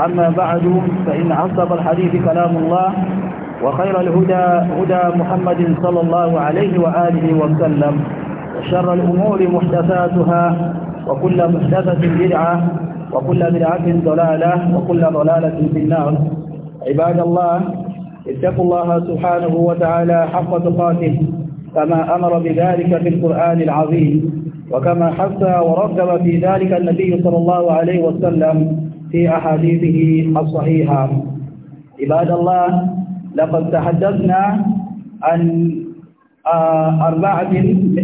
أما بعد فإن أصدق الحديث كلام الله وخير الهدى هدى محمد صلى الله عليه وآله وسلم وشر الأمور محدثاتها وكل محدثة بدعة وكل بدعة ضلالة وكل ضلالة في النار عباد الله اتقوا الله سبحانه وتعالى حق تقاته كما أمر بذلك في القرآن العظيم وكما حث ورغب في ذلك النبي صلى الله عليه وسلم في أحاديثه الصحيحة عباد الله لقد تحدثنا عن آه، أربعة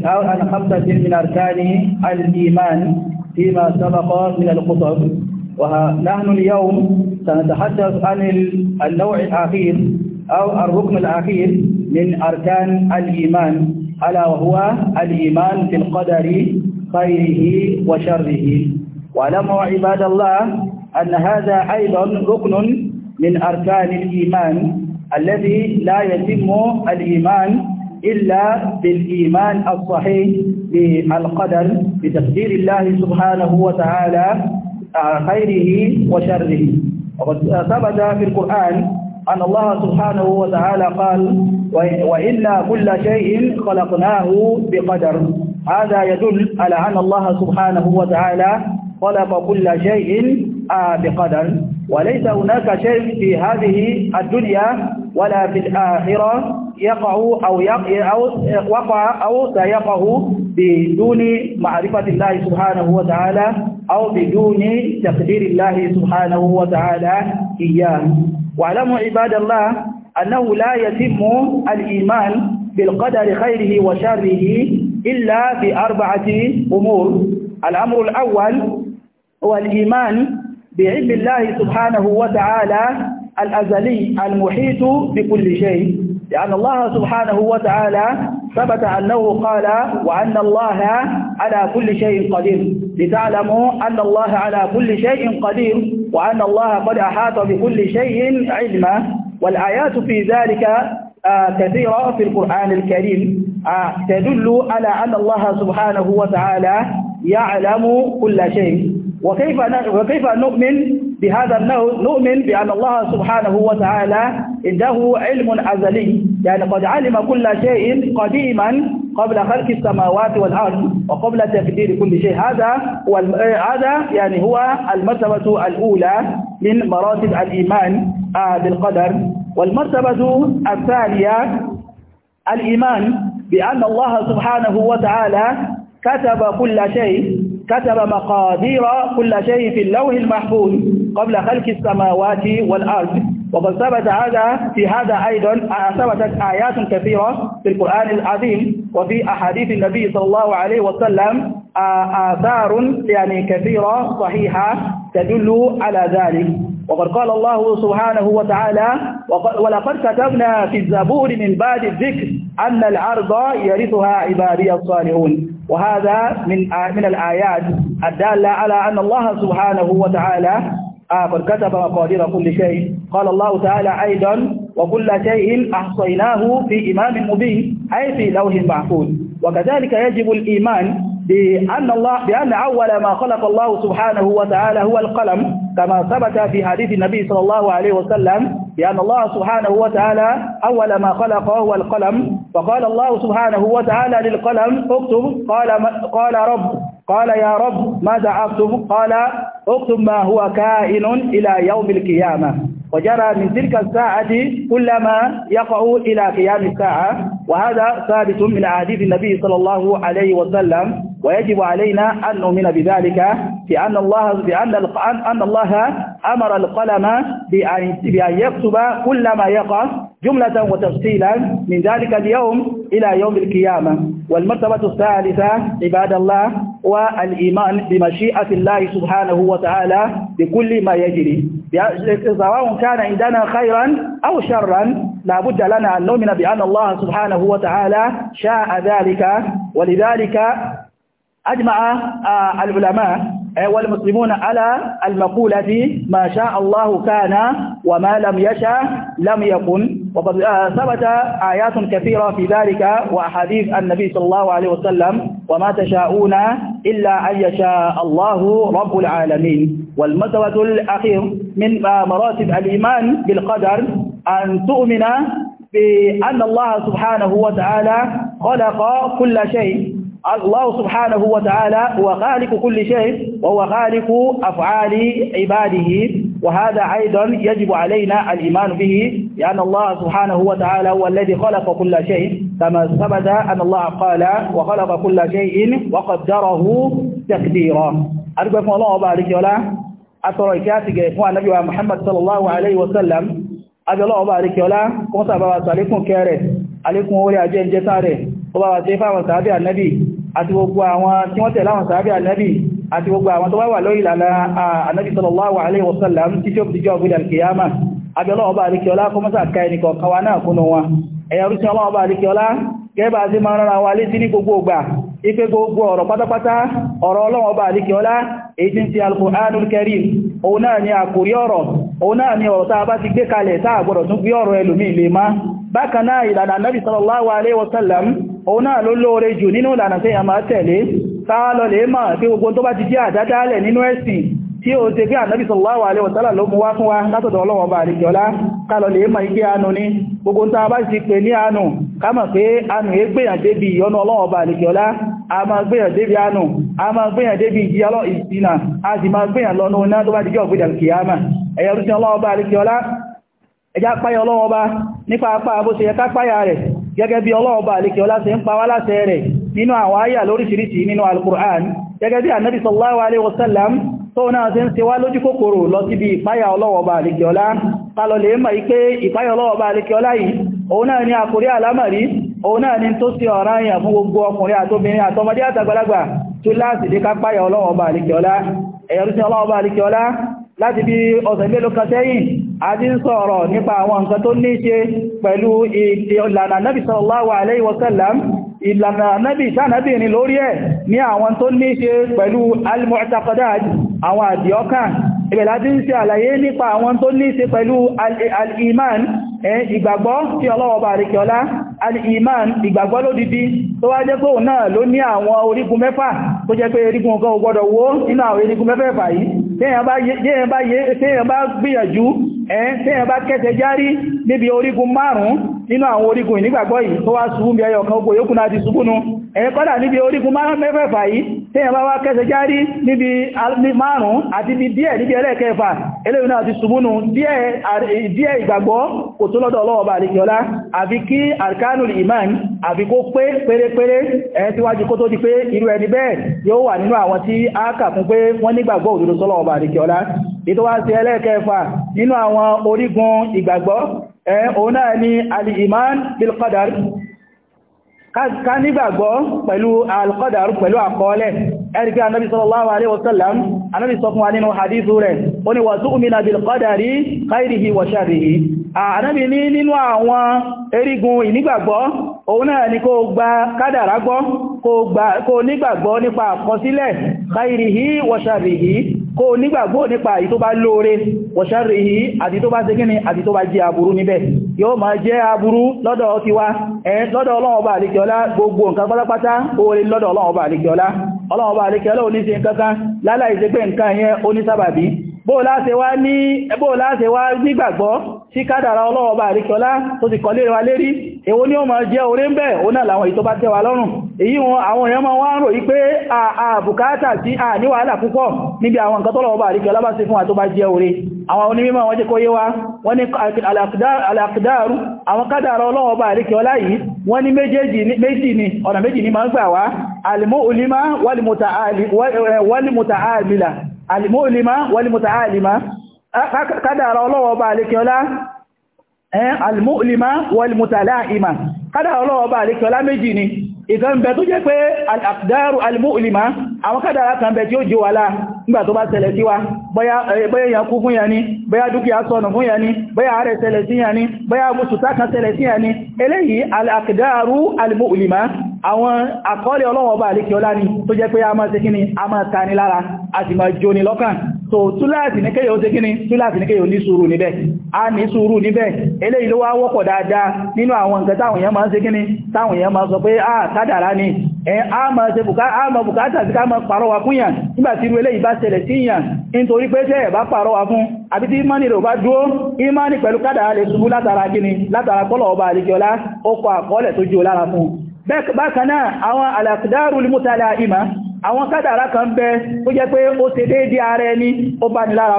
أو عن خمسة من أركان الإيمان فيما سبق من الخطب ونحن اليوم سنتحدث عن النوع الأخير أو الركن الأخير من أركان الإيمان ألا وهو الإيمان بالقدر خيره وشره واعلموا عباد الله أن هذا أيضا ركن من أركان الإيمان الذي لا يتم الإيمان إلا بالإيمان الصحيح بالقدر بتقدير الله سبحانه وتعالى آه، خيره وشره وقد ثبت في القرآن أن الله سبحانه وتعالى قال وإلا كل شيء خلقناه بقدر هذا يدل على أن الله سبحانه وتعالى خلق كل شيء آه، بقدر وليس هناك شيء في هذه الدنيا ولا في الآخرة يقع أو, يقع أو وقع أو سيقع بدون معرفة الله سبحانه وتعالى أو بدون تقدير الله سبحانه وتعالى إياه واعلموا عباد الله أنه لا يتم الإيمان بالقدر خيره وشره إلا بأربعة أمور الأمر الأول هو الإيمان بعلم الله سبحانه وتعالى الأزلي المحيط بكل شيء لأن الله سبحانه وتعالى ثبت أنه قال وأن الله على كل شيء قدير لتعلموا أن الله على كل شيء قدير وأن الله قد أحاط بكل شيء علما والآيات في ذلك آه، كثيرة في القرآن الكريم آه، تدل على أن الله سبحانه وتعالى يعلم كل شيء وكيف وكيف نؤمن بهذا النوع نؤمن بأن الله سبحانه وتعالى عنده علم أزلي يعني قد علم كل شيء قديما قبل خلق السماوات والأرض وقبل تقدير كل شيء هذا هو هذا يعني هو المرتبة الأولى من مراتب الإيمان آه، بالقدر والمرتبة الثانية الإيمان بأن الله سبحانه وتعالى كتب كل شيء كتب مقادير كل شيء في اللوح المحفوظ قبل خلق السماوات والأرض وقد ثبت هذا في هذا أيضا ثبتت آيات كثيرة في القرآن العظيم وفي أحاديث النبي صلى الله عليه وسلم آثار يعني كثيرة صحيحة تدل على ذلك وقد قال الله سبحانه وتعالى ولقد كتبنا في الزبور من بعد الذكر أن العرض يرثها عبادي الصالحون وهذا من من الآيات الدالة على أن الله سبحانه وتعالى قد كتب مقادير كل شيء قال الله تعالى أيضا وكل شيء أحصيناه في إمام مبين أي في لوح محفوظ وكذلك يجب الإيمان بأن, الله بأن أول ما خلق الله سبحانه وتعالى هو القلم كما ثبت في حديث النبي صلى الله عليه وسلم بأن الله سبحانه وتعالى أول ما خلق هو القلم فقال الله سبحانه وتعالى للقلم اكتب قال, قال رب قال يا رب ماذا أكتب قال اكتب ما هو كائن إلى يوم القيامة وجرى من تلك الساعة كلما يقع إلى قيام الساعة وهذا ثابت من أحاديث النبي صلى الله عليه وسلم ويجب علينا أن نؤمن بذلك بأن الله بأن أن الله أمر القلم بأن يكتب كل ما يقع جملة وتفصيلا من ذلك اليوم إلى يوم القيامة والمرتبة الثالثة عباد الله والإيمان بمشيئة الله سبحانه وتعالى بكل ما يجري سواء كان عندنا خيرا أو شرا لا بد لنا أن نؤمن بأن الله سبحانه وتعالى شاء ذلك ولذلك أجمع آه، العلماء آه، والمسلمون على المقولة ما شاء الله كان وما لم يشاء لم يكن وقد آه، ثبت آيات كثيرة في ذلك وأحاديث النبي صلى الله عليه وسلم وما تشاءون إلا أن يشاء الله رب العالمين والمثوة الأخير من مراتب الإيمان بالقدر أن تؤمن بأن الله سبحانه وتعالى خلق كل شيء الله سبحانه وتعالى هو خالق كل شيء وهو خالق أفعال عباده وهذا أيضا يجب علينا الإيمان به لأن الله سبحانه وتعالى هو الذي خلق كل شيء كما ثبت أن الله قال وخلق كل شيء وقدره تقديرا أرجوكم الله وبارك ولا أتركاتك إخوان نبي محمد صلى الله عليه وسلم أبي الله وبارك ولا كنت أبوا عليكم كاره عليكم ولي أجل جساره وبارك فاما سابع النبي àti gbogbo àwọn tí wọ́n tẹ̀lé àwọn sàábí ànábì àti gbogbo àwọn tó wá wà lórí ìlànà ànábì sallallahu alaihi wasallam títí ó fi jọ ògbìdà kìyàmà abẹ́lọ́ọ̀bá àríkẹ́ọlá kọmọ́sà ká ẹnìkọ̀ọ̀kan wa náà kúnnú wọn ẹ̀yà rúsí kẹba sí máa rárá wa létí ní gbogbo ògbà ipé gbogbo ọ̀rọ̀ pátápátá ọ̀rọ̀ ọlọ́wọ́ bá àlíkẹ́ọlá èyí tí ń ti Al-Qur'anul Karim òun náà ni àkórí ọ̀rọ̀ òun náà ni ọ̀rọ̀ tàà bá ti gbé kalẹ̀ tàà gbọ́dọ̀ tún gbé ọ̀rọ̀ ẹlòmí ilé má bákan náà ìlànà Nabi sallallahu alaihi wasallam òun náà ló lóore jù nínú ìlànà tí a máa tẹ̀lé tàà lọ lè máa pé gbogbo tó bá wa látọ̀dọ̀ Ọlọ́run bá àríkẹ́ọlá kálọ̀ lè máa ike àánú ní gbogbo tàà bá ti kama pé anù yẹ gbèyàn débi ìyọnú ọlọ́wọ́ bá àlèkẹ́ọlá a máa gbèyàn débi anù a máa gbèyàn débi ìjì ọlọ́ ìsìnà a sì máa gbèyàn lọ́nà oná tó bá dìjọ́ ògbèdà kìyàmà ẹ̀yà rúsí ọlọ́wọ́ bá àlèkẹ́ọlá ẹjá páyà ọlọ́wọ́ bá nípa apá bó ṣe yẹ ká páyà rẹ̀ gẹ́gẹ́ bí ọlọ́wọ́ bá àlèkẹ́ọlá ṣe ń pa wá láṣẹ rẹ̀ nínú àwọn àyà lóríṣiríṣi nínú al-Qur'an gẹ́gẹ́ bí ànábì sallallahu alaihi wasallam tó náà ṣe ń ṣe wá lójú kòkòrò lọ síbi ìpáyà ọlọ́wọ́ bá àlèkẹ́ọlá pálọ̀lẹ̀ mọ̀ ipé ìpáyà ọlọ́wọ́ bá àlèkẹ́ọlá yìí òun náà ni àkórí àlámàrí òun náà ni tó sí ọ̀rá ìyàn fún gbogbo ọkùnrin àtóbìnrin àtọmọdé àtàgbàlagbà tó láti dé ká páyà ọlọ́wọ́ bá àríkẹ́ọlá ẹ̀yọrú sí ọlọ́wọ́ bá àríkẹ́ọlá láti bí ọ̀sẹ̀ mélòó kan sẹ́yìn a ti ń sọ̀rọ̀ ìlànà nábì tánàbì ní lórí ẹ̀ ní àwọn tó ní ṣe pẹ̀lú al-mu'taqadat àwọn àdìọ́kàn ìbẹ̀lá tí ń ṣe àlàyé nípa àwọn tó ní ṣe pẹ̀lú al-iman ìgbàgbọ́ tí ọlọ́wọ̀bà àríkẹ́ọlá al-iman ìgbàgbọ́ lódìdí tó wá jẹ́ pé òun náà ló ní àwọn orígun mẹ́fà tó jẹ́ pé erigun ọgọ́ ọgbọ́dọ̀ wó nínú àwọn erigun mẹ́fẹ̀ẹ̀fà yìí téèyàn bá bá kẹsẹ̀ nínú àwọn orígun ìnígbàgbọ́ yìí tó wá ṣubú bí ẹyọ kan ogun yóò kúnná ti ṣubú nú ẹ̀yẹ kọ́dà níbi orígun mẹ́fẹ̀ẹ̀fà yìí tẹ́yàn bá wá kẹsẹ̀ járí níbi márùn-ún àti bí díẹ̀ níbi ẹlẹ́ẹ̀kẹfà eléyìn náà ti ṣubú nú díẹ̀ ìgbàgbọ́ kò tó lọ́dọ̀ ọlọ́ọ̀bà àríkíọlá àbí kí arkanul iman àbí kó pé pérépéré ẹ̀yẹn tí wájú kó tó ìgbàgbọ́ òun náà ni al-iman bil-qadar ká nígbàgbọ́ pẹ̀lú al-qadar pẹ̀lú àkọọ́lẹ̀ ẹ̀rìkẹ́ anábi sallallahu alaihi wasallam anábi sọ fún wa nínú hadithu rẹ̀ ó ni wa tu'mina bil-qadari khairihi wa sharrihi anábi ní nínú àwọn erigun ìnígbàgbọ́ òun náà ni kó gba kádàrá gbọ́ kó nígbàgbọ́ nípa àkọsílẹ̀ kó nígbàgbọ́ nípa àti tó bá lóore wọ̀ṣẹ́rì yìí àti tó bá ṣe kíni àti tó bá jẹ́ aburú níbẹ̀ yóò máa jẹ́ aburú lọ́dọ̀ ti wá ẹ̀ lọ́dọ̀ Ọlọ́run Ọba àlekẹ́ọlá gbogbo nǹkan pátápátá oore lọ́dọ̀ Ọlọ́run Ọba àlekẹ́ọlá Ọlọ́run Ọba nǹkan láláì bóòláṣe wá ní bóòláṣe wá nígbàgbọ́ sí àríkọlá tó ti kọlé wa lérí èwo ni ó máa jẹ́ orí ń bẹ̀ ó náà làwọn èyí tó bá tẹ́ wa lọ́rùn èyí wọn àwọn èèyàn máa wá ń rò yí pé àbùkátà sí àní wàhálà púpọ̀ níbi àwọn nǹkan tọ́lọ̀ọ̀bà àríkọlá bá ṣe fún wa tó bá jẹ́ orí àwọn onímọ̀ wọ́n jẹ́ kó yé wa wọ́n ní alàkìdáàrù àwọn kádàrá ọlọ́ọ̀bà àríkọlá yìí wọ́n ní méjì ni ọ̀nà méjì ni máa ń gbà wá alìmọ́ olímá wálìmọ̀ta àmìlà alìmọ́lìmá wọlìmọ̀ta alìmá ah, kádàrà ọlọ́wọ́ bá alékiọlá eh, alìmọ́lìmá wọlìmọ̀ta láìmá kádàrà ọlọ́wọ́ bá alékiọlá méjì ni ìkan bẹ tó jẹ́ pé al'aqdaru al-mu'lima àwọn kádàrá kan bẹ tí ó jẹ́ wà àwọn àkọọ́lẹ̀ Ọlọ́run Ọba àlékẹ́ ọlá ni tó jẹ́ pé a máa ṣe kíni a máa ta ni lára a sì máa jóni lọ́kàn so túláàtì ní kéyò ṣe kíni túláàtì ní kéyò ní sùúrù níbẹ̀ a ní sùúrù níbẹ̀ eléyìí ló wá wọ́pọ̀ dáadáa nínú àwọn nǹkan táwọn èèyàn máa ń ṣe kíni táwọn èèyàn máa sọ pé a kádàrá ni a máa ṣe bùkátà sí ká máa pàrọwà fún yàn nígbàtí irú eléyìí bá ṣẹlẹ̀ sí yàn nítorí pé tẹ́ ẹ̀ bá pàrọwà fún àbí tí ìmánì bákanáà àwọn alàkùdárù mútàlá ìmá àwọn kádàrá kan bẹ tó jẹ́ pé ó ṣe déédé ara ẹni ó bá ní lára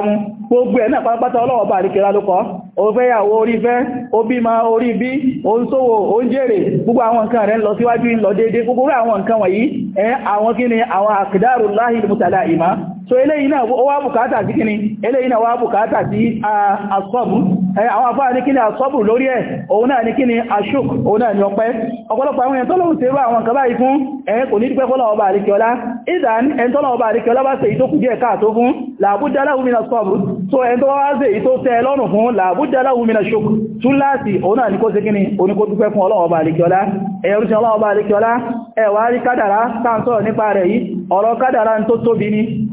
gbogbo ẹ̀ na ọlọ́wọ́ bá rí kìlá lókọ́ òfẹ́yàwó orí fẹ́ obí ma orí bí oúnṣòwò gbogbo àwọn nǹkan rẹ̀ ń lọ gbogbo àwọn àbá ní kí ni àsọ́bù lórí ẹ̀ òun náà ní kí ni ashok òun náà ni ọpẹ́ ọ̀pọ̀lọpọ̀ àwọn ẹ̀ntọ́lọ́wù tí ó àwọn kàbá yìí fún ẹ̀yẹn kò ní dúpẹ́ fọ́lọ̀ọba àríkẹ́ọlá ìdán ẹ̀ntọ́lọ́ọba àríkẹ́ọlá bá ṣe ìtókù díẹ̀ káàtó fún làbújá láwùmínà sọ́bù tó ẹ̀ntọ́ wá ṣe ìtó tẹ́ lọ́rùn fún làbújá láwùmínà ṣok tún láti òun náà ní kó ṣe kíni oníkó dúpẹ́ fún ọlọ́ọba àríkẹ́ọlá ẹ̀rù sí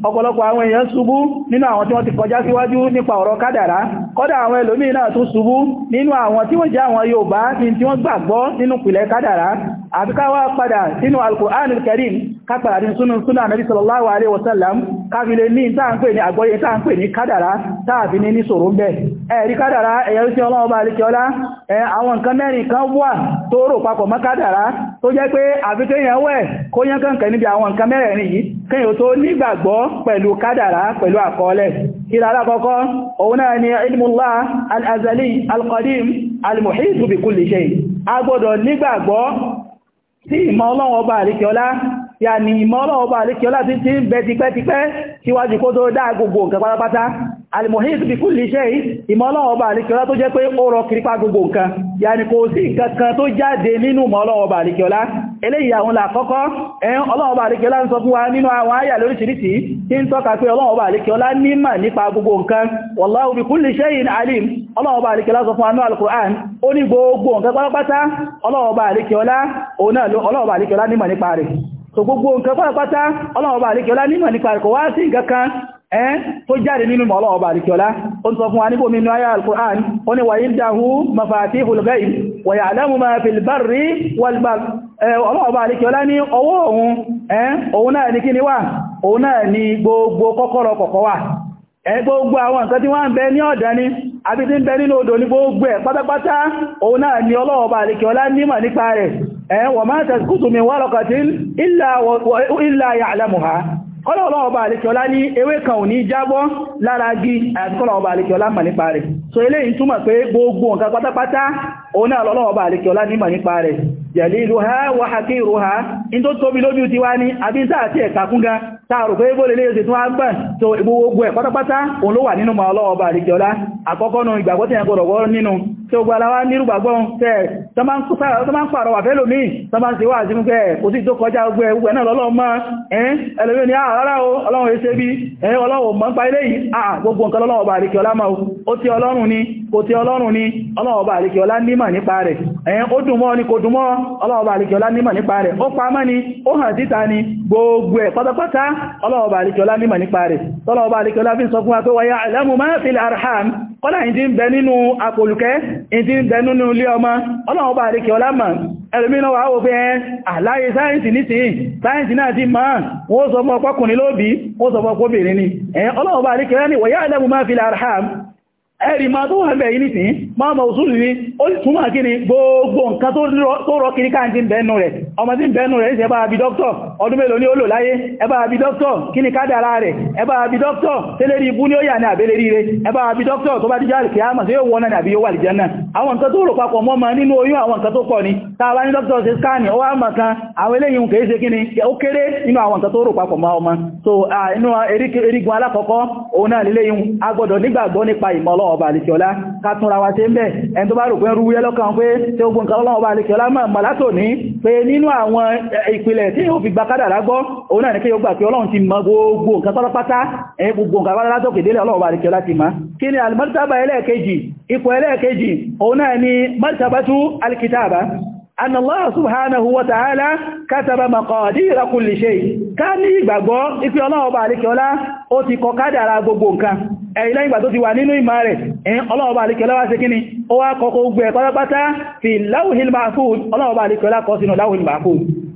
ọ̀pọ̀lọpọ̀ àwọn èèyàn ṣubú nínú àwọn tí wọ́n ti kọjá síwájú nípa ọ̀rọ̀ kádàrá kọ́dà àwọn ẹlòmíì náà tún ṣubú nínú àwọn tí wọ́n jẹ́ àwọn Yorùbá ní tí wọ́n gbàgbọ́ nínú pìlẹ̀ kádàrá àti káwà padà sínú Al-Qur'an Al-Karim kápàdà ní súnú súnú Ànábì sallallahu alaihi wasallam káfílé ní ìtàǹpè ní àgbọ́yé ìtàǹpè ní kádàrá tààfi ní níṣòro ń bẹ̀ ẹ̀rí kádàrá ẹ̀yẹ́ sí Ọlọ́run bá alékẹ́ ọlá àwọn nǹkan mẹ́rin kan wà tó rò papọ̀ mọ́ kádàrá tó jẹ́ pé àfikẹ́yàn wẹ̀ kó yán kànkàn níbi àwọn nǹkan mẹ́rẹ̀ẹ̀rin yìí kíyàn tó nígbàgbọ́ pẹ̀lú kádàrá pẹ̀lú àkọọ́lẹ̀ ìlà alákọ́kọ́ òun náà ni ilmùlá al-azali al-qadim al-muhitu bi kulli shay a gbọ́dọ̀ nígbàgbọ́ sí ìmọ̀ Ọlọ́run ọba àríkẹ́ọlá yà ní ìmọ̀ Ọlọ́run ọba àríkẹ́ọlá ti ti alìmọ̀hìs bí kú lè ṣẹ́ yìí ìmọ̀lọ́wọ́ bá àríkẹ́ọ́lá tó jẹ́ pé ó rọ kìrípá gbogbo nǹkan ya ni kò sí nǹkan tó jáde nínú mọ̀lọ́wọ́ bá àríkẹ́ọ́lá eléyìí àwọn làkọ́kọ́ ẹ̀yàn ọlọ́wọ́ bá àríkẹ́ọ́lá ń sọ fún wa nínú àwọn àyà lóríṣiríṣi tí ń tọ́ka pé ọlọ́wọ́ bá àríkẹ́ọ́lá nímọ̀ nípa gbogbo nǹkan wallahu bi kulli shay'in alim ọlọ́wọ́ bá àríkẹ́ọ́lá sọ fún anú al-Qur'an ó ní gbogbo nǹkan pátápátá ọlọ́wọ́ bá ẹ́n tó jáde nínú mọ́lọ́ ọba àríkíọlá o ń sọ fún wa níbò mínú ayá al-Qur'an o ni wàyí dáhú mafatihul ghaib wàyà alamu ma fil barri wal bahr ọlọ́ọ̀bá àríkíọlá ní ọwọ́ òun ẹ́n òun náà ní kíni wà òun náà ní gbogbo kọ́kọ́rọ̀ kọ̀kọ́ wà gbogbo àwọn nǹkan tí wọ́n ń bẹ ní ọ̀dá ní àbí tí ń bẹ nínú kọ́lọ̀wọ́lọ́wọ́ bá àlekẹ́ọlá ní ewé kan ò ní jábọ́ lára gí àtìkọ́lọ̀wọ́ bá àlekẹ́ọlá mà nípa rẹ̀ so eléyìí túmọ̀ pé gbogbo nǹkan pátápátá òun náà lọ́lọ́wọ́ bá àlekẹ́ọlá nímọ̀ nípa rẹ̀ jaliluha wa hakiruha in tó tóbi lójú ti wá ní àbí sáà tí ẹ̀ka kúnga táàrù pé bó lè lè ṣe tún agbá tó gbogbo ẹ̀ pátápátá òun ló wà nínú ma ọlọ́ọ̀bà àríkẹ́ọlá àkọ́kọ́ nù ìgbàgbọ́ tí ẹ̀kọ́ rọ̀gbọ́ nínú tí ó gbalawa nírúgbàgbọ́n tẹ́ tó máa ń pàrọwà fẹ́ lómi tó máa ń ṣe wà sí pé kò sí tó kọjá ogbó ẹgbẹ́ ni àárá ni kò ti ọlọ́run ni ọlọ́ọ̀bà mọ́ ni kò dùn mọ́ ọlọ́ọ̀bà àríkẹ́ọlá nímọ̀ nípa rẹ̀ ó pamọ́ ni ó hàn síta ni gbogbo ẹ̀ pátápátá ọlọ́ọ̀bà àríkẹ́ọlá nímọ̀ nípa rẹ̀ tọ́lọ́ọ̀bà àríkẹ́ọlá fi sọ fún wa pé wa ya'lamu ma fil arham kọ́lá ìdí ń bẹ nínú àpòlùkẹ́ ìdí ń bẹ nínú ilé ọmọ ọlọ́ọ̀bà àríkẹ́ọlá mọ̀ ẹlùmínà wà ó fẹ́ àláyé sáyẹ̀nsì nísìnyí sáyẹ̀nsì náà ti máa wọ́n sọ fún ọpọ́kùnrin lóbi wọ́n sọ fún ọpọ́bìnrin ni ẹ̀rì máa tó wà ń bẹ̀ yìí nìsìn máa ma òsùn ní ó sì túnmà kí ni gbogbo nǹkan tó rọ kiri káàkiri bẹ̀ẹ̀nù rẹ̀ ọmọ tí bẹ̀ẹ̀nù rẹ̀ ẹbá àbí dọ́kítọ̀ ọdún mélòó ni ó lò láyé ẹbá àbí dọ́kítọ̀ kí ni kádàrá rẹ̀ ẹbá àbí dọ́kítọ̀ tẹ́lẹ̀rí ibú ni ó yà ní àbẹ́lẹ̀ rí rẹ̀ ẹbá àbí dọ́kítọ̀ tó bá díjá àlùkì àmà tí ó wọ́n náà àbí yóò wà lìjẹ́ náà àwọn nǹkan tó rò papọ̀ mọ́ ma nínú oyún àwọn nǹkan tó ni tá ní dọ́kítọ̀ ṣe skáàni ó wá mà kan àwọn eléyìí ń kèé ṣe kí ni ó kéré nínú àwọn nǹkan tó rò papọ̀ mọ́ ọmọ so inú erigun alákọ̀ọ́kọ́ òun náà lélẹ́yìn ọlọ́run ọba àlekíọlá ká túnra wa ṣe ń bẹ̀ ẹni tó bá rò pé rú wúyẹ́ lọ́kàn pé tí ó gbọ́n ọlọ́run ọba àlekíọlá mọ̀ látò ní pé nínú àwọn ìpìlẹ̀ tí yóò fi gba kádàrá gbọ́ òun náà ní kí yóò ni alimọ́tàbà ẹlẹ́ẹ̀kejì ipò أن الله سبحانه وتعالى كتب مقادير كل شيء كان يغبغو ipi Ọlọ́run ba leke ọlá ó ti kọ kádàrá gbogbo nǹkan e ile ìgbà tó ti wà nínú ìmọ̀ rẹ̀ eh Ọlọ́run ba leke ọlá wá ṣe kíni ó wá kọ ko gbogbo ẹ̀ pátápátá fi lawhil mahfuz Ọlọ́run ba leke ọlá kọ sínú lawhil mahfuz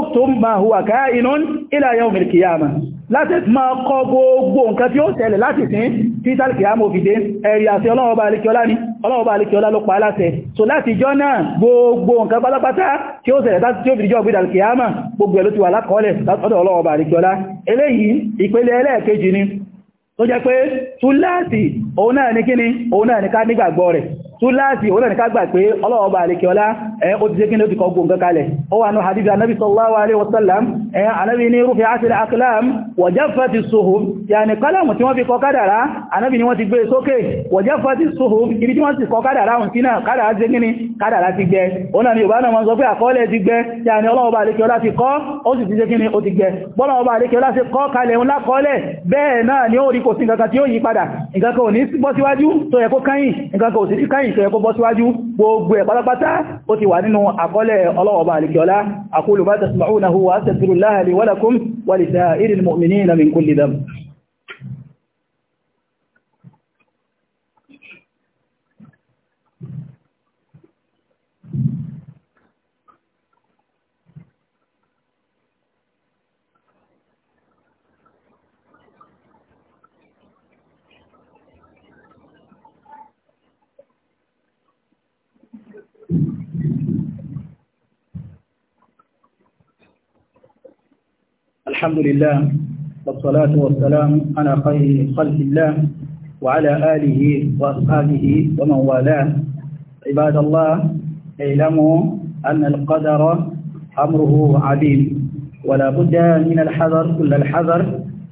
اكتب ما هو كائن إلى يوم القيامة láti máa kọ gbogbo nǹkan tí ó ṣẹlẹ̀ láti sín tí tàbí àmò òfìdé ẹ̀rì àti ọlọ́ọ̀bá alikiola ni ọlọ́ọ̀bá alikiola ló pa lase. so láti jọ náà gbogbo nǹkan pátápátá tí ó ṣẹlẹ̀ láti tí ó fìdíjọ́ gbídà kìíyàmà gbogbo ẹ̀ ló ti wà lákọọ́lẹ̀ látọ̀dọ̀ ọlọ́ọ̀bá alikiola eléyìí ìpele ẹlẹ́ẹ̀kejì ni tó jẹ́ pé túláàsì òun ni kíni òun ni ká nígbàgbọ́ rẹ̀ túláàsì òun náà ní ká gbà pé ọlọ́ọ̀bà àlekẹ́ọlá ẹ̀ ó ti jẹ́ kí ní ó ti kọ gùn kankalẹ̀ ó wà ní hadith anábi sallallahu alaihi wasallam ẹ̀ anábi ní rúfẹ́ àtìlẹ̀ aklam wajafati suhum yàní kọ́lọ̀mù tí wọ́n fi kọ kádàrá anábi ni wọ́n ti gbé e sókè wajafati suhum ibi tí wọ́n ti kọ kádàrá hùn sí náà kádàrá ti gíní kádàrá ti gbẹ òun náà ni yorùbá náà wọ́n sọ pé àkọọ́lẹ̀ ti gbẹ yàní ọlọ́ọ̀bà àlekẹ́ọlá ti kọ ó sì ti jẹ́ kíní ó ti gbẹ bọ́lọ̀ọ̀bà àlekẹ́ọlá eléyìí tó yẹ kó bọ́ síwájú gbogbo ẹ̀ pátápátá ó ti wà nínú àkọọ́lẹ̀ ọlọ́wọ̀bá àlìkíọlá aqulu ma tasma'unahu wa astaghfirullaha li wa lakum wa lisa'iril mu'minina min kulli dhanb الحمد لله والصلاة والسلام على خير خلق الله وعلى آله وأصحابه ومن والاه عباد الله اعلموا أن القدر أمره عظيم ولا بد من الحذر كل الحذر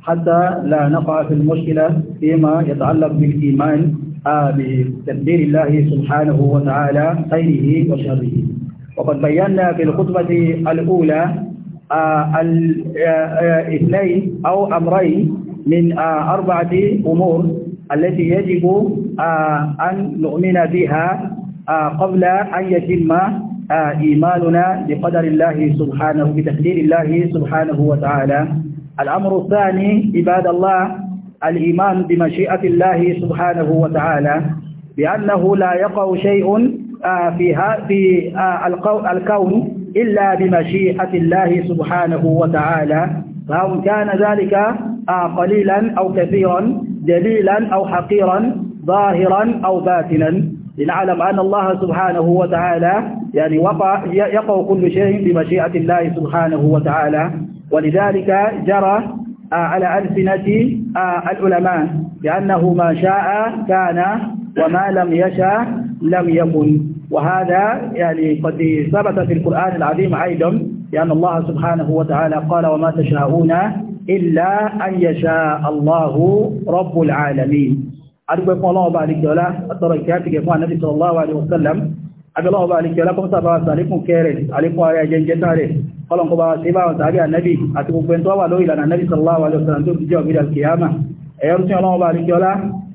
حتى لا نقع في المشكلة فيما يتعلق بالإيمان آه، بتدبير الله سبحانه وتعالى خيره وشره وقد بينا في الخطبة الأولى آه، آه، آه، اثنين أو أمرين من أربعة أمور التي يجب أن نؤمن بها قبل أن يتم إيماننا بقدر الله سبحانه بتقدير الله سبحانه وتعالى الأمر الثاني عباد الله الإيمان بمشيئة الله سبحانه وتعالى بأنه لا يقع شيء في الكون إلا بمشيئة الله سبحانه وتعالى فهو كان ذلك آه، قليلا أو كثيرا جليلا أو حقيرا ظاهرا أو باتنا لنعلم أن الله سبحانه وتعالى يعني وقع يقع كل شيء بمشيئة الله سبحانه وتعالى ولذلك جرى آه، على ألسنة آه، العلماء بأنه ما شاء كان وما لم يشاء لم يكن وهذا يعني قد ثبت في القرآن العظيم أيضا لأن الله سبحانه وتعالى قال وما تشاءون إلا أن يشاء الله رب العالمين أدوك الله بارك جولا أترى كاتك يقول النبي صلى الله عليه وسلم أبي الله بارك جولا كم سبا عليكم كيرين عليكم يا جنجتاري قال أنكم بابا سيبا وسابع النبي أتبقوا بنتوا ولو إلى النبي صلى الله عليه وسلم تبجوا إلى القيامة أيها الله بارك جولا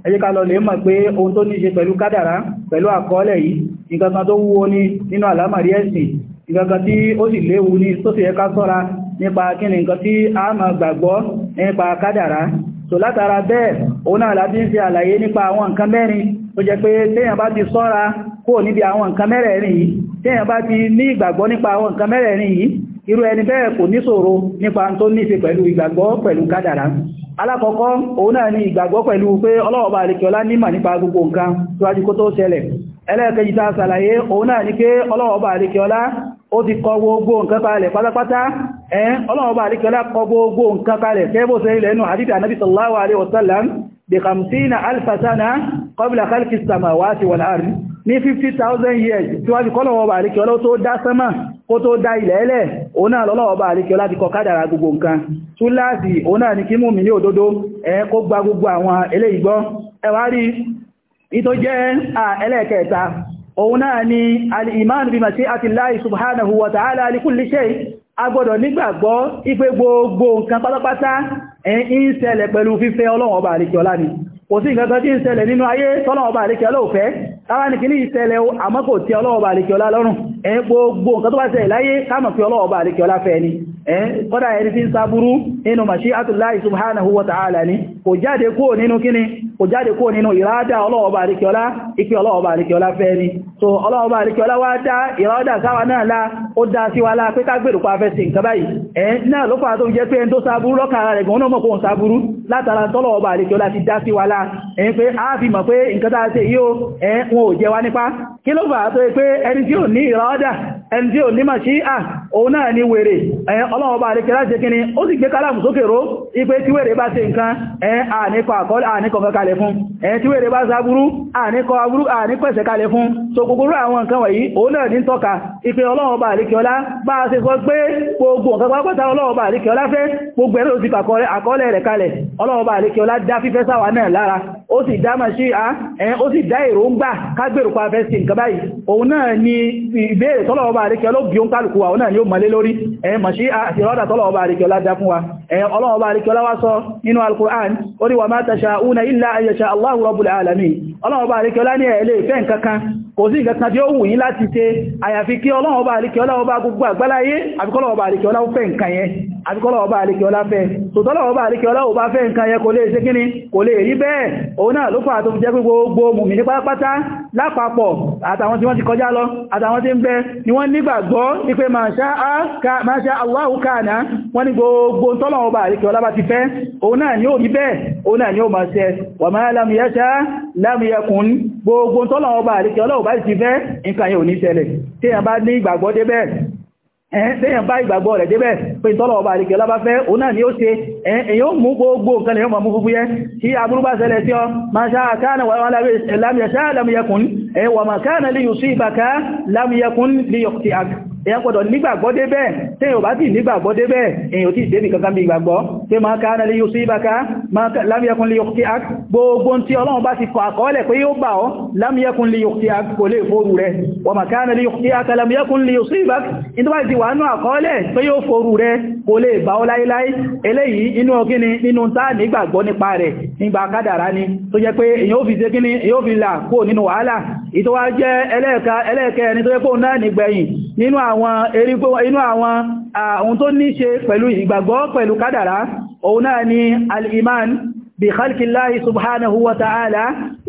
ẹ jẹ́ ká lọ lè mọ̀ pé ohun tó ní ṣe pẹ̀lú kádàrá pẹ̀lú àkọọ́lẹ̀ yìí nǹkan kan tó wúwo ní nínú àlámàrí ẹ̀sìn nǹkan kan tí ó sì léwu ní tó sì yẹ ká ṣọ́ra nípa kí ni nǹkan tí a máa gbàgbọ́ nípa kádàrá so látara bẹ́ẹ̀ òun náà láti ń ṣe àlàyé nípa àwọn nǹkan mẹ́rin tó jẹ́ pé téèyàn bá ti ṣọ́ra kúrò níbi àwọn nǹkan mẹ́rẹ̀ẹ̀rin yìí téèyàn bá ti ní ìgbàgbọ́ nípa àwọn nǹkan mẹ́rẹ̀ẹ̀rin yìí irú ẹni bẹ́ẹ̀ kò níṣòro nípa tó ní ṣe pẹ̀lú ìgbàgbọ́ pẹ̀lú kádàrá alákọ̀ọ́kọ́ òun náà ni ìgbàgbọ́ pẹ̀lú pé ọlọ́ọ̀bà àlekẹ́ọlá nímà nípa gbogbo nǹkan tíwájú kó tó ṣẹlẹ̀ ẹlẹ́ẹ̀kejì tá ṣàlàyé òun náà ni pé ọlọ́ọ̀bà àlekẹ́ọlá ó ti kọ gbogbo nǹkan kalẹ̀ pátápátá ẹn ọlọ́ọ̀bà àlekẹ́ọlá kọ gbogbo nǹkan kalẹ̀ kẹ́bọ̀ sẹ́yìn بخمسين ألف سنة قبل خلق السماوات والأرض ní 50,000 years tí wá ti kọ́lọ̀wọ́ ọba àríkẹ́ ọlọ́ tó dá sánmà kó tó dá ilẹ̀ ẹlẹ̀ òun náà lọ́lọ́wọ́ ọba àríkẹ́ láti kọ kádàrà gbogbo nǹkan túláàsì òun náà ní kí mú mi ní òdodo ẹ kó gba gbogbo àwọn eléyìí gbọ́ ẹ wá rí ìtó jẹ́ ẹlẹ́ẹ̀kẹta òun náà ni al ẹ̀yìn ìṣẹ̀lẹ̀ pẹ̀lú fífẹ́ ọlọ́run ọba àríkẹ́ ọlá ni kò sí nǹkan tí ń ṣẹlẹ̀ nínú ayé tọ́lọ́run ọba àríkẹ́ ọlá òfẹ́ lára ní kìíní ìṣẹ̀lẹ̀ àmọ́ kò tí Eh, kọ́dá ẹni tí ń sáburú nínú mashi'atullahi subhanahu wa ta'ala ni kò jáde kó nínú kíni kò jáde kó nínú ìrádà ọlọ́ọ̀bà àríkẹ́ọlá ìpé ọlọ́ọ̀bà àríkẹ́ọlá fẹ́ ni so ọlọ́ọ̀bà àríkẹ́ọlá wá dá ìrádà sáwà náà lá ó dá sí wa lá pé ká gbèrò pàfẹ́ sí nǹkan báyìí ẹ̀ eh, náà ló pàá tó jẹ́ pé ẹni tó sáburú lọ́kàrà rẹ̀ gan náà mọ̀ sáburú látara tọ́lọ̀ọ̀bà àríkẹ́ọlá ti dá sí wa lá ẹ̀ eh, pé a fi mọ̀ pé nǹkan tá a ṣe yíó ẹ̀ wọn ò jẹ wá nípa kí ló fà á tó pé ẹni tí ò ní ìrádà ẹni tí ò ní màṣíà òun náà ni wèrè ọlọ́wọ́ bá àríkẹ́ láti kíni ó sì gbé kálàmù sókè ró ipé tí wèrè bá ṣe nǹkan ẹ̀ àníkọ̀ àkọọ́lẹ̀ àníkọ̀ kẹkàlẹ̀ fún ẹ̀ tí wèrè bá sáburú àníkọ̀ aburú àníkọ̀ ẹ̀sẹ̀ kalẹ̀ fún so gbogbo àwọn nǹkan wọ̀nyí òun náà ní tọ́ka ipé ọlọ́wọ́ bá àríkẹ́ ọlá bá ṣe sọ pé gbogbo nǹkan pápátá ọlọ́wọ́ bá àríkẹ́ ọlá fẹ́ gbogbo ẹ̀rọ ti àkọọ́lẹ̀ rẹ̀ kalẹ̀ ọlọ́wọ́ bá àríkẹ́ ọlá ni ìbéèrè tọ́lọ́wọ́ bá àríkẹ́ ọlọ́bí ó ń kálùkù àwọn náà ni ó mọ̀lé lórí ẹ̀ mọ̀ sí à àti ìrọ́dà tọ́lọ̀ ọba àríkẹ́ọlá dá fún wa ẹ̀yàn ọlọ́wọ́ ọba àríkẹ́ọlá wá sọ nínú al-Qur'an ó ní wa ma tasha'una illa an yasha Allahu rabbul alamin ọlọ́wọ́ ọba àríkẹ́ọlá ní ẹ̀ẹ́lẹ́ ìfẹ́ nǹkankan kò sí ìgbàkan tí ó wù yín láti ṣe àyàfi kí ọlọ́wọ́ ọba àríkẹ́ọlá ọba gbogbo àgbáláyé àbíkọ́lọ́wọ́ ọba àríkẹ́ọlá fẹ́ nǹkan yẹn àbíkọ́lọ̀ ọba àríkẹ́ọlá fẹ́ tòtọ́lọ̀ ọba àríkẹ́ọlá ò bá fẹ́ nǹkan yẹ kò lè ṣe kíni kò lè rí bẹ́ẹ̀ òun náà ló fà tó fi jẹ́ gbogbo mùmí ní pátápátá lápapọ̀ àtàwọn tí wọ́n ti kọjá lọ àtàwọn tí ń bẹ ni wọ́n nígbàgbọ́ ní pé ma sha Allah àwúkàánà wọ́n ní gbogbo tọ́lọ̀wọ́ bá àríkẹ̀ ọlábá ti fẹ́ òun náà ni ó rí bẹ́ẹ̀ òun náà ni ó máa ṣẹ wà máa lámìyàṣá lámìyàkùn gbogbo tọ́lọ̀wọ́ bá àríkẹ̀ ọlọ́wọ́ ti fẹ́ nǹkan yóò ní ṣẹlẹ̀ tí bá ìgbàgbọ́ rẹ̀ débẹ̀ pé ìtọ́lọ̀ ọba àríkẹ̀ lábá fẹ́ òun náà ni ó ṣe èyí mú gbogbo nǹkan lèyàn mú fúfú yẹ tí aburú bá ọ ma ṣáà káàna wà èyàn gbọ́dọ̀ nígbàgbọ́ débẹ̀ tí èyàn bá ti nígbàgbọ́ débẹ̀ èyàn tí ìdébì kankan bí ìgbàgbọ́ tí ma ká náà lè yóò sí ìbáká lámíẹkùn lè yóò kí á gbogbo tí ọlọ́run bá ti kọ àkọọ́lẹ̀ pé yóò bà ọ́ lámíẹkùn lè yóò kí á kò lè fóru rẹ̀ wọ́n ma ká náà lè yóò kí á ká lámíẹkùn lè yóò sí ìbáká inú bá ti wà nú àkọọ́lẹ̀ pé ni tó jẹ́ pé èyàn ó fi ṣe kíní èyàn ó àwọn eríkó inú àwọn ohun tó ní ṣe pẹ̀lú ìgbàgbọ́ pẹ̀lú kádàrá òun náà ni al-iman bi khalqillahi subhanahu wa ta'ala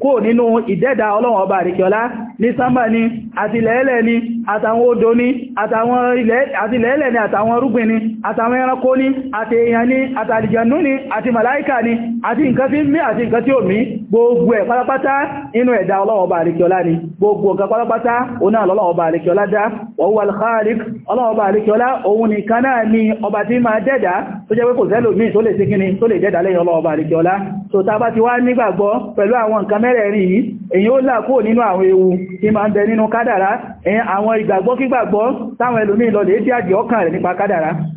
kúrò nínú ìdẹ́dà ọlọ́run ọba àríkẹ́ọlá ní sánmà ni àti lẹ́ẹ̀lẹ̀ ni àtàwọn odò ni àtàwọn ilẹ̀ àti lẹ́ẹ̀lẹ̀ ni àtàwọn rúgbìn ni àtàwọn ẹranko ni àti èèyàn ni àtàlìjànú ni àti màláíkà ni àti nǹkan tí mí àti nǹkan tí ò mí gbogbo ẹ̀ pátápátá inú ẹ̀dá ọlọ́run ọba àríkẹ́ọlá ni gbogbo nǹkan pátápátá oná ọlọ́run ọba òun ni ọba tí máa dẹ́dà tó so tá bá ti wá nígbàgbọ́ pẹ̀lú nǹkan mẹ́rẹ̀ẹ̀rin yìí èyí ó là kúrò nínú àwọn ewu tí ma ń bẹ nínú kádàrá àwọn ìgbàgbọ́ kígbàgbọ́ táwọn ẹlòmí lọ lè tí àjẹ́ ọkàn rẹ̀ nípa kádàrá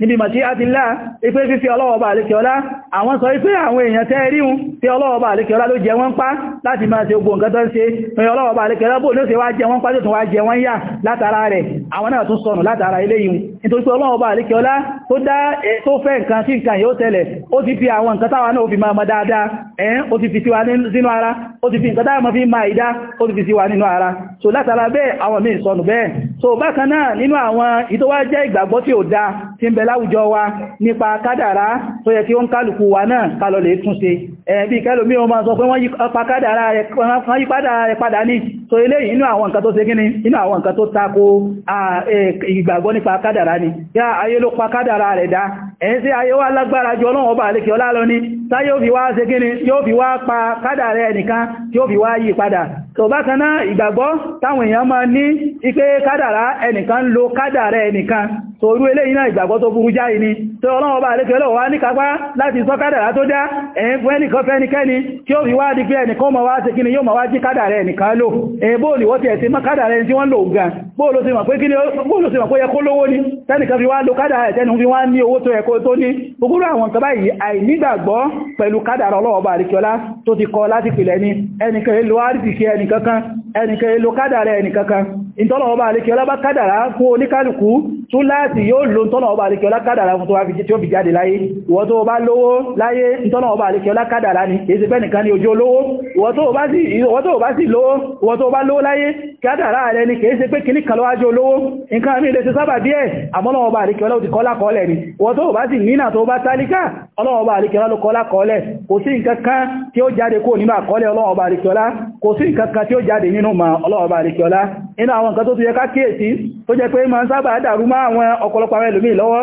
níbi màtí á ti lá ipé fífí ọlọ́wọ́ba àlékiọlá àwọn sọ ipé àwọn èèyàn tẹ́ ríun tí ọlọ́wọ́ba àlékiọlá ló jẹ wọ́n pá láti máa ṣe ogun nǹkan tó ń ṣe pẹ̀lú ọlọ́wọ́ba àlékiọlá bò ló ṣe wá jẹ wọ́n pá tó tún wá jẹ wọ́n yà látara rẹ̀ àwọn náà tún sọnù látara eléyìí nítorí pé ọlọ́wọ́ba àlékiọlá tó dá tó fẹ́ nǹkan sí nǹkan yóò tẹ̀lẹ̀ ó ti fi àwọn nǹkan táwa náà ó fi máa so látara bẹ́ẹ̀ àwọn míì sọnù bẹ́ẹ̀ so bákan náà nínú àwọn ìtọ́wà jẹ́ ìgbàgbọ́ tí ó dá tí ń bẹ láwùjọ wa nípa kádàrá tó yẹ kí ó ń kálùkù wa náà kálọ lè tún ṣe ẹ̀bí kẹlòmí ó máa sọ pé wọ́n yípa kádàrá rẹ̀ padà ní so eléyìí inú àwọn nǹkan tó ṣe gíní inú àwọn nǹkan tó tako ìgbàgbọ́ nípa kádàrá ni yá ayé ló pa kádàrá rẹ̀ dá ẹ̀yìn sí ayé wá lágbára jù ọlọ́run ọba àlékè ọlá lọ ní tá yóò fi wá ṣe gíní yóò fi wá pa kádàrá ẹnìkan yóò fi wá yí padà so bákan náà ìgbàgbọ́ táwọn èèyàn máa ní kádàrá ẹnìkan lo kádàrá ẹnìkan tó rú eléyìí náà ìgbàgbọ́ tó burú jáì ni tó ọlọ́wọ́ bá àlékẹ́ lọ́wọ́ wá ní kápá láti sọ kádàrá tó dá ẹ̀yìn fún ẹnìkan fẹ́nikẹ́ni kí ó rí wá di pé ẹnìkan ma ni yóò ma wá jí kádàrá ẹnìkan lò ẹ̀bóò ni wọ́n ti ẹ̀sìn mọ́ kádàrá ẹni tí wọ́n lò gan bóòlò sí mọ̀ ni tẹ́nìkan fi wá lo kádàrá ẹ̀tẹ́nu fi wá ní owó tó yẹ kó tó ní gbogbo àwọn nǹkan báyìí àìnígbàgbọ́ pẹ̀lú kádàrá ọlọ́wọ́ bá àríkíọlá tó ti ẹnìkankan ìtọ́lọ̀wọ́ bá àríkíọlá bá kádàrá fún oníkálùkù láti yóò lo tọ́nà ọba àríkẹ́ọlá kádàrá fún tó wá fi tí ó fi jáde láyé ìwọ tó bá lówó láyé tọ́nà ọba ni èsì pẹ́ nìkan ni ojú olówó ìwọ tó bá sì lówó ìwọ tó bá lówó láyé kádàrá rẹ ni kèése pé kìní kan lọ́wájú olówó nǹkan mi lè sábà díẹ̀ àmọ́nà ọba ti ni tó bá sì ọba kò sí nǹkan kan tí ó jáde kó nínú ma ọlọ́wọ́ ọba àríkẹ́ọlá inú àwọn nǹkan tó ti yẹ àwọn ọ̀pọ̀lọpọ̀ àwọn ẹlòmíì lọ́wọ́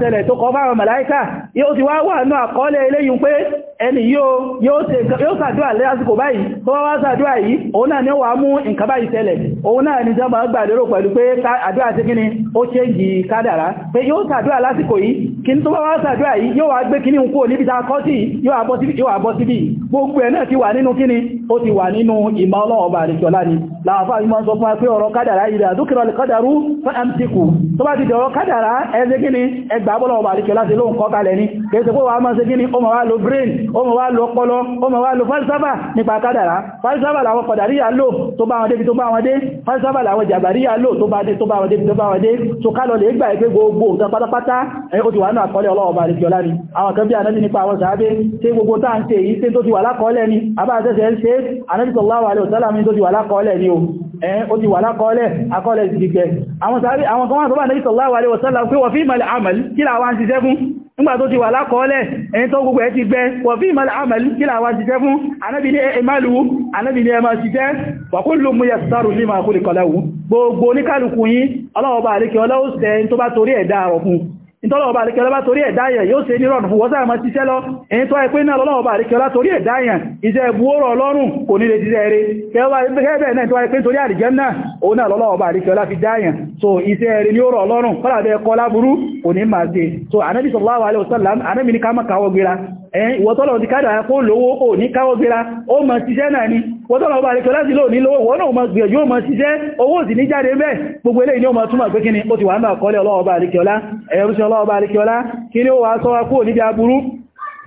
ṣẹlẹ̀ tó kọ fáwọn màláíkà yóò ti wá wà náà àkọọ́lẹ̀ eléyìn pé ẹni yóò ṣàdúrà lásìkò báyìí tó wá ṣàdúrà yìí òun náà ni ó wà mú nǹkan báyìí ṣẹlẹ̀ òun náà ni jọmọ̀ gbà lérò pẹ̀lú pé àdúrà sí kíni ó ṣe jì kádàrá pé yóò ṣàdúrà lásìkò yìí kí tó wá ṣàdúrà yìí yóò wá gbé kíní ń kúrò níbi takọ́ sí yóò àbọ́ síbí gbogbo ẹ̀ náà ti wà nínú kíni ó ti wà nínú ìmọ̀ ọlọ́run ọba àríṣọ́lá ni láàfáà ìmọ̀ sọ fún wa pé ọ̀rọ̀ kádàrá ìdàdúkìrọ̀ gbà bọ́lọ̀ ọba àríkẹ́ láti lóhun kọ́ kalẹ̀ ní kẹsẹ̀ pé wà máa ṣe gíní ọmọ wá lo brain ọmọ wá lo ọpọlọ ọmọ wá lo falsafa nípa kádàrá falsafa làwọn kọ̀dàríyà lò tó bá wọn débi tó bá wọn dé falsafa làwọn jàbàríyà lò tó bá dé tó bá wọn débi tó bá wọn dé tó kálọ̀ lè gbà ẹgbẹ́ gbogbo nǹkan pátápátá ẹ̀yìn ó ti wà nínú àkọọ́lẹ̀ ọlọ́ọ̀bà àríkẹ́ ọlá ni àwọn ẹ̀ eh, ó ti wà lákọọ́lẹ̀ akọọ́lẹ̀ ti gbẹ̀ àwọn sàárì àwọn kan wá tó bá Nabi sallallahu alaihi wasallam pé wọ́n fi ìmọ̀lẹ̀ àmàlì kí làwọn ń ṣiṣẹ́ fún nígbà tó ti wà lákọọ́lẹ̀ ẹni tó gbogbo ẹ ti gbẹ wọ́n fi ìmọ̀lẹ̀ àmàlì kí làwọn ṣiṣẹ́ fún anábì ní ìtọ́lọ̀ọ̀bà àríkẹ́ọlá bá torí ẹ̀dá èèyàn yóò ṣe nírọ̀nù fún wọ́sá àmọ́ ṣiṣẹ́ lọ èyí tó ẹ̀pẹ́ náà lọ́lọ́ọ̀bà àríkẹ́ọlá torí ẹ̀dá èèyàn iṣẹ́ ẹ̀bùwọ́rọ̀ ọlọ́run kò ní lè jíṣẹ́ eré kẹwàá náà tó ẹ̀pẹ́ so iṣẹ́ eré ní ọ̀rọ̀ ọlọ́run kọ́làbẹ́ ẹ̀kọ́ láburú kò so anábì sallallahu alaihi wasallam anábì ní ká má káwọ́ gbéra ẹ̀yìn ìwọ̀tọ́lọ̀ ti kádà kó lówó ò ni wọ́tọ́lọ̀ ọba àríkẹ́ láti lò ní lówó wọ́n náà mọ̀ gbìyànjú ó mọ̀ ṣiṣẹ́ owó sì ní jáde mẹ́ gbogbo eléyìí ni ó mọ̀ túnmọ̀ pé kíni ó ti wà náà kọ́lẹ̀ ọlọ́ọba àríkẹ́ ọlá ẹ̀yẹrúṣẹ́ ọlọ́wọ́ bá alékiọlá kí ní ó wà sọ wá kúrò níbi aburú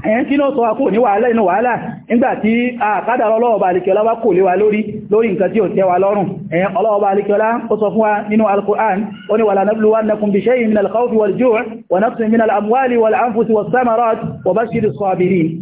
ẹ̀yẹn kí ní ó sọ wá kúrò ní wàhálà inú wàhálà nígbàtí àkádà ọlọ́wọ́ bá alékiọlá wá kò lé wa lórí lórí nǹkan tí ó tẹ́ wa lọ́rùn ẹ̀yẹn ọlọ́wọ́ bá alékiọlá ó sọ fún wa nínú al-Qur'an ó ní walanabluwannakum bishay'in minal khawfi wal ju'i wa nafsin minal amwali wal anfusi was samarati wa bashiris sabirin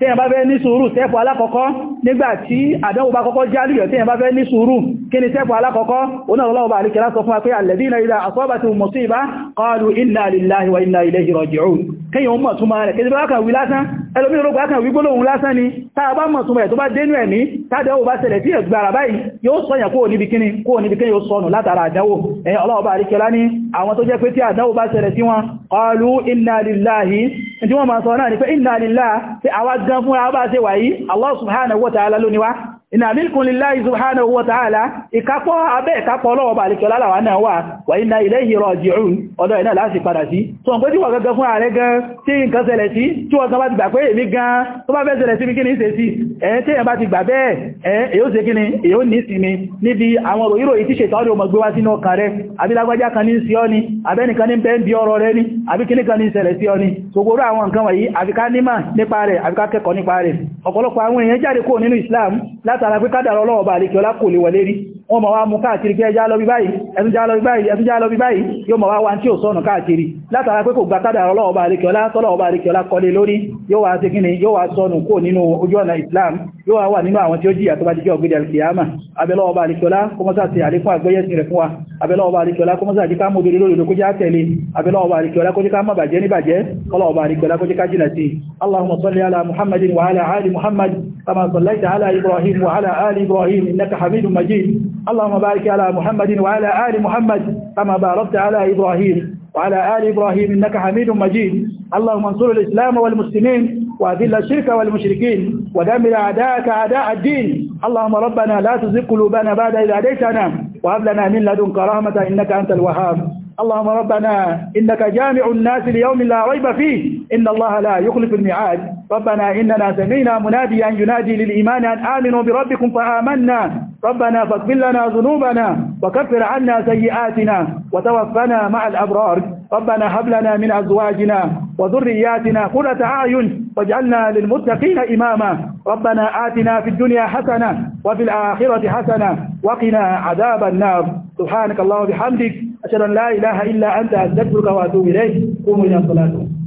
tẹ́yàn bá fẹ́ ní sùúrù tẹ́ẹ̀pù alákọ̀ọ́kọ́ nígbàtí àdánwò bá kọ́kọ́ jálùyọ̀ tẹ́yàn bá fẹ́ ní sùúrù kí ni tẹ́ẹ̀pù alákọ̀ọ́kọ́ onáwọ̀lọ́wọ̀ bá àríkẹ́lá sọ fún wa pé alladhina idha asabatuhum musiba tí wọ́n máa sọ náà ni pé inna lillahi tí àwa gan fúnra bá ṣe wà yìí Allah subhanahu wa ta'ala ló iná milkun lillahi subhanahu wa ta'ala ìkápọ̀ abẹ́ ìkápọ̀ ọlọ́wọ́ bá lè kọlá làwà náà wà wà iná ilayhi raji'un ọ̀dọ̀ iná láti padà sí tó ń pé tí wọ́n gẹ́gẹ́ fún ààrẹ gan tí nǹkan ṣẹlẹ̀ sí tí wọ́n kan bá ti gbà pé èmi gan tó bá fẹ́ ṣẹlẹ̀ sí mi kí ní ṣe sí ẹ̀yẹn tí èyàn bá ti gbà bẹ́ẹ̀ ẹ̀yẹn èyó ṣe kí ni èyó ní sinmi níbi àwọn òyìnbó yìí tí ṣètọ́ ní ọmọ gbé wá sínú ọkàn rẹ àbí lágbájá kan ní sí ọ ni àbẹ́nìkan ní bẹ́ẹ̀ ń bí ọ̀rọ̀ rẹ ni àbí kíní kan ní ṣẹlẹ̀ sí ọ ni gbogbo àwọn nǹkan wọ̀nyí àfikà nímà nípa rẹ̀ àfikà kẹ́kọ̀ọ́ nípa rẹ̀ ọ̀pọ̀lọpọ̀ àwọn èèyàn jáde kúrò nínú Islam lá látara pé kádàrà ọlọ́ọ̀bà àlekẹ́ ọlá kò lè wọlé rí wọ́n ma wá mú káàkiri kí ẹjá lọ bí báyìí ẹtún já lọ bí báyìí ẹtún já lọ bí báyìí yóò ma wá wá tí ò sọ́nà káàkiri látara pé kò gba kádàrà ọlọ́ọ̀bà àlekẹ́ ọlá tọ́lọ̀ọ̀bà ọlá kọlé Islam yóò wá wà nínú àwọn tí ó jìyà tó bá jíjọ́ ògbédè alkiyama abẹ́lọ́ọ̀bà àlekẹ́ ọlá kọmọ́sá ti àlékún àgbẹ́yẹsìn rẹ̀ fún wa abẹ́lọ́ọ̀bà àlekẹ́ ọlá kọmọ́sá jí ká mú obìnrin lórí olùkójá tẹ̀lé abẹ́lọ́ọ̀bà àlekẹ́ ọlá kójí ká má wa ala ali Muhammad كما صليت على إبراهيم وعلى آل إبراهيم إنك حميد مجيد اللهم بارك على محمد وعلى آل محمد كما باركت على إبراهيم وعلى آل إبراهيم إنك حميد مجيد اللهم انصر الإسلام والمسلمين وأذل الشرك والمشركين ودمر أعداءك أعداء الدين اللهم ربنا لا تزغ قلوبنا بعد إذ هديتنا وهب لنا من لدنك رحمة إنك أنت الوهاب اللهم ربنا إنك جامع الناس ليوم لا ريب فيه إن الله لا يخلف الميعاد ربنا إننا سمعنا مناديا ينادي للإيمان أن آمنوا بربكم فآمنا ربنا فاغفر لنا ذنوبنا وكفر عنا سيئاتنا وتوفنا مع الأبرار ربنا هب لنا من أزواجنا وذرياتنا قرة أعين واجعلنا للمتقين إماما ربنا آتنا في الدنيا حسنة وفي الآخرة حسنة وقنا عذاب النار سبحانك اللهم وبحمدك أشهد أن لا إله إلا أنت أستغفرك وأتوب إليك قوموا إلى صلاتكم